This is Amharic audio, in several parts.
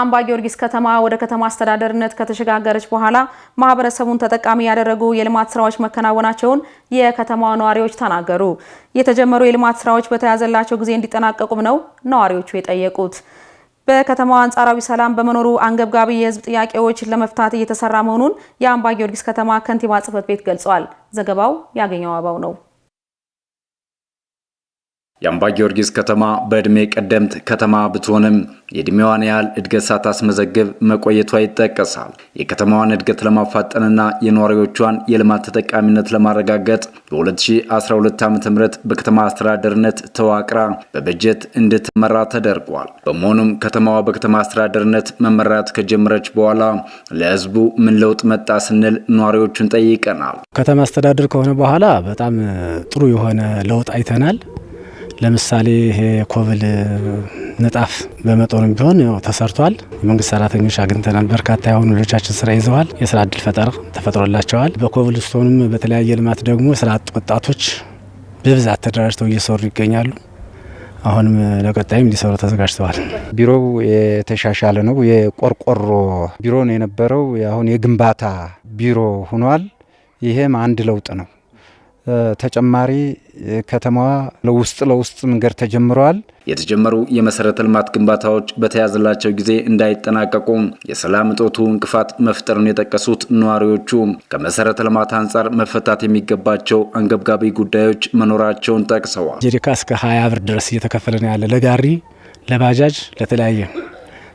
አምባ ጊዮርጊስ ከተማ ወደ ከተማ አስተዳደርነት ከተሸጋገረች በኋላ ማህበረሰቡን ተጠቃሚ ያደረጉ የልማት ስራዎች መከናወናቸውን የከተማዋ ነዋሪዎች ተናገሩ። የተጀመሩ የልማት ስራዎች በተያዘላቸው ጊዜ እንዲጠናቀቁም ነው ነዋሪዎቹ የጠየቁት። በከተማዋ አንጻራዊ ሰላም በመኖሩ አንገብጋቢ የህዝብ ጥያቄዎች ለመፍታት እየተሰራ መሆኑን የአምባ ጊዮርጊስ ከተማ ከንቲባ ጽህፈት ቤት ገልጿል። ዘገባው ያገኘው አባው ነው። የአምባ ጊዮርጊስ ከተማ በዕድሜ ቀደምት ከተማ ብትሆንም የዕድሜዋን ያህል እድገት ሳታስመዘግብ መቆየቷ ይጠቀሳል። የከተማዋን እድገት ለማፋጠንና የነዋሪዎቿን የልማት ተጠቃሚነት ለማረጋገጥ በ2012 ዓ ም በከተማ አስተዳደርነት ተዋቅራ በበጀት እንድትመራ ተደርጓል። በመሆኑም ከተማዋ በከተማ አስተዳደርነት መመራት ከጀመረች በኋላ ለህዝቡ ምን ለውጥ መጣ ስንል ነዋሪዎቹን ጠይቀናል። ከተማ አስተዳደር ከሆነ በኋላ በጣም ጥሩ የሆነ ለውጥ አይተናል። ለምሳሌ ይሄ ኮብል ንጣፍ በመጠኑም ቢሆን ተሰርቷል። የመንግስት ሰራተኞች አግኝተናል። በርካታ የሆኑ ልጆቻችን ስራ ይዘዋል። የስራ እድል ፈጠራ ተፈጥሮላቸዋል። በኮብል ስቶንም በተለያየ ልማት ደግሞ የስራ አጥ ወጣቶች በብዛት ተደራጅተው እየሰሩ ይገኛሉ። አሁንም ለቀጣይም ሊሰሩ ተዘጋጅተዋል። ቢሮው የተሻሻለ ነው። የቆርቆሮ ቢሮ ነው የነበረው፣ አሁን የግንባታ ቢሮ ሆኗል። ይሄም አንድ ለውጥ ነው። ተጨማሪ ከተማዋ ለውስጥ ለውስጥ መንገድ ተጀምረዋል። የተጀመሩ የመሰረተ ልማት ግንባታዎች በተያዘላቸው ጊዜ እንዳይጠናቀቁ የሰላም እጦቱ እንቅፋት መፍጠርን የጠቀሱት ነዋሪዎቹ ከመሰረተ ልማት አንጻር መፈታት የሚገባቸው አንገብጋቢ ጉዳዮች መኖራቸውን ጠቅሰዋል። ጀሪካ እስከ ሀያ ብር ድረስ እየተከፈለ ነው ያለ ለጋሪ፣ ለባጃጅ፣ ለተለያየ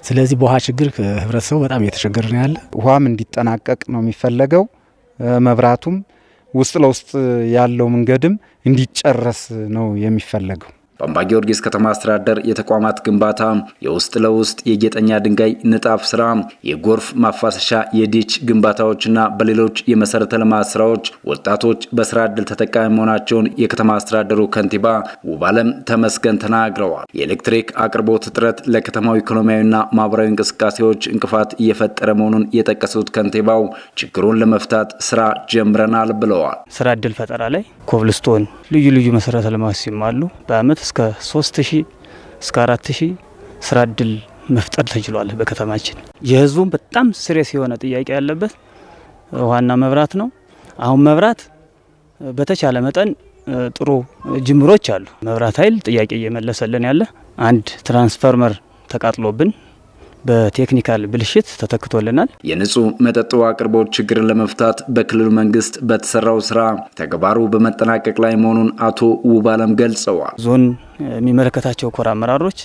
ስለዚህ በውሃ ችግር ህብረተሰቡ በጣም እየተቸገረ ነው ያለ። ውሃም እንዲጠናቀቅ ነው የሚፈለገው መብራቱም ውስጥ ለውስጥ ያለው መንገድም እንዲጨረስ ነው የሚፈለገው። በአምባ ጊዮርጊስ ከተማ አስተዳደር የተቋማት ግንባታ፣ የውስጥ ለውስጥ የጌጠኛ ድንጋይ ንጣፍ ስራ፣ የጎርፍ ማፋሰሻ፣ የዲች ግንባታዎችና በሌሎች የመሰረተ ልማት ስራዎች ወጣቶች በስራ እድል ተጠቃሚ መሆናቸውን የከተማ አስተዳደሩ ከንቲባ ውባለም ተመስገን ተናግረዋል። የኤሌክትሪክ አቅርቦት እጥረት ለከተማው ኢኮኖሚያዊና ማህበራዊ እንቅስቃሴዎች እንቅፋት እየፈጠረ መሆኑን የጠቀሱት ከንቲባው ችግሩን ለመፍታት ስራ ጀምረናል ብለዋል። ስራ ዕድል ፈጠራ ላይ ኮብልስቶን ልዩ ልዩ መሰረተ ልማት ሲማሉ በአመት እስከ 3000 እስከ 4000 ስራ እድል መፍጠር ተችሏል። በከተማችን የህዝቡን በጣም ስሬስ የሆነ ጥያቄ ያለበት ውሃና መብራት ነው። አሁን መብራት በተቻለ መጠን ጥሩ ጅምሮች አሉ። መብራት ኃይል ጥያቄ እየመለሰልን ያለ አንድ ትራንስፈርመር ተቃጥሎብን በቴክኒካል ብልሽት ተተክቶልናል። የንጹህ መጠጥ ውሃ አቅርቦት ችግርን ለመፍታት በክልሉ መንግስት በተሰራው ስራ ተግባሩ በመጠናቀቅ ላይ መሆኑን አቶ ውብ አለም ገልጸዋል። ዞን የሚመለከታቸው ኮር አመራሮች፣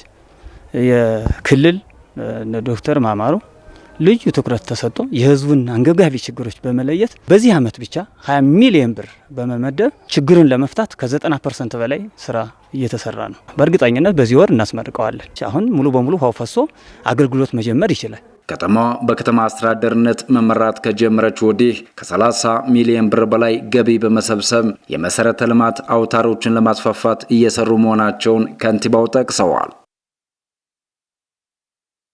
የክልል ዶክተር ማማሩ ልዩ ትኩረት ተሰጥቶ የህዝቡን አንገብጋቢ ችግሮች በመለየት በዚህ አመት ብቻ 20 ሚሊዮን ብር በመመደብ ችግሩን ለመፍታት ከ90 ፐርሰንት በላይ ስራ እየተሰራ ነው። በእርግጠኝነት በዚህ ወር እናስመርቀዋለን። አሁን ሙሉ በሙሉ ውሃው ፈሶ አገልግሎት መጀመር ይችላል። ከተማዋ በከተማ አስተዳደርነት መመራት ከጀመረች ወዲህ ከ30 ሚሊዮን ብር በላይ ገቢ በመሰብሰብ የመሰረተ ልማት አውታሮችን ለማስፋፋት እየሰሩ መሆናቸውን ከንቲባው ጠቅሰዋል።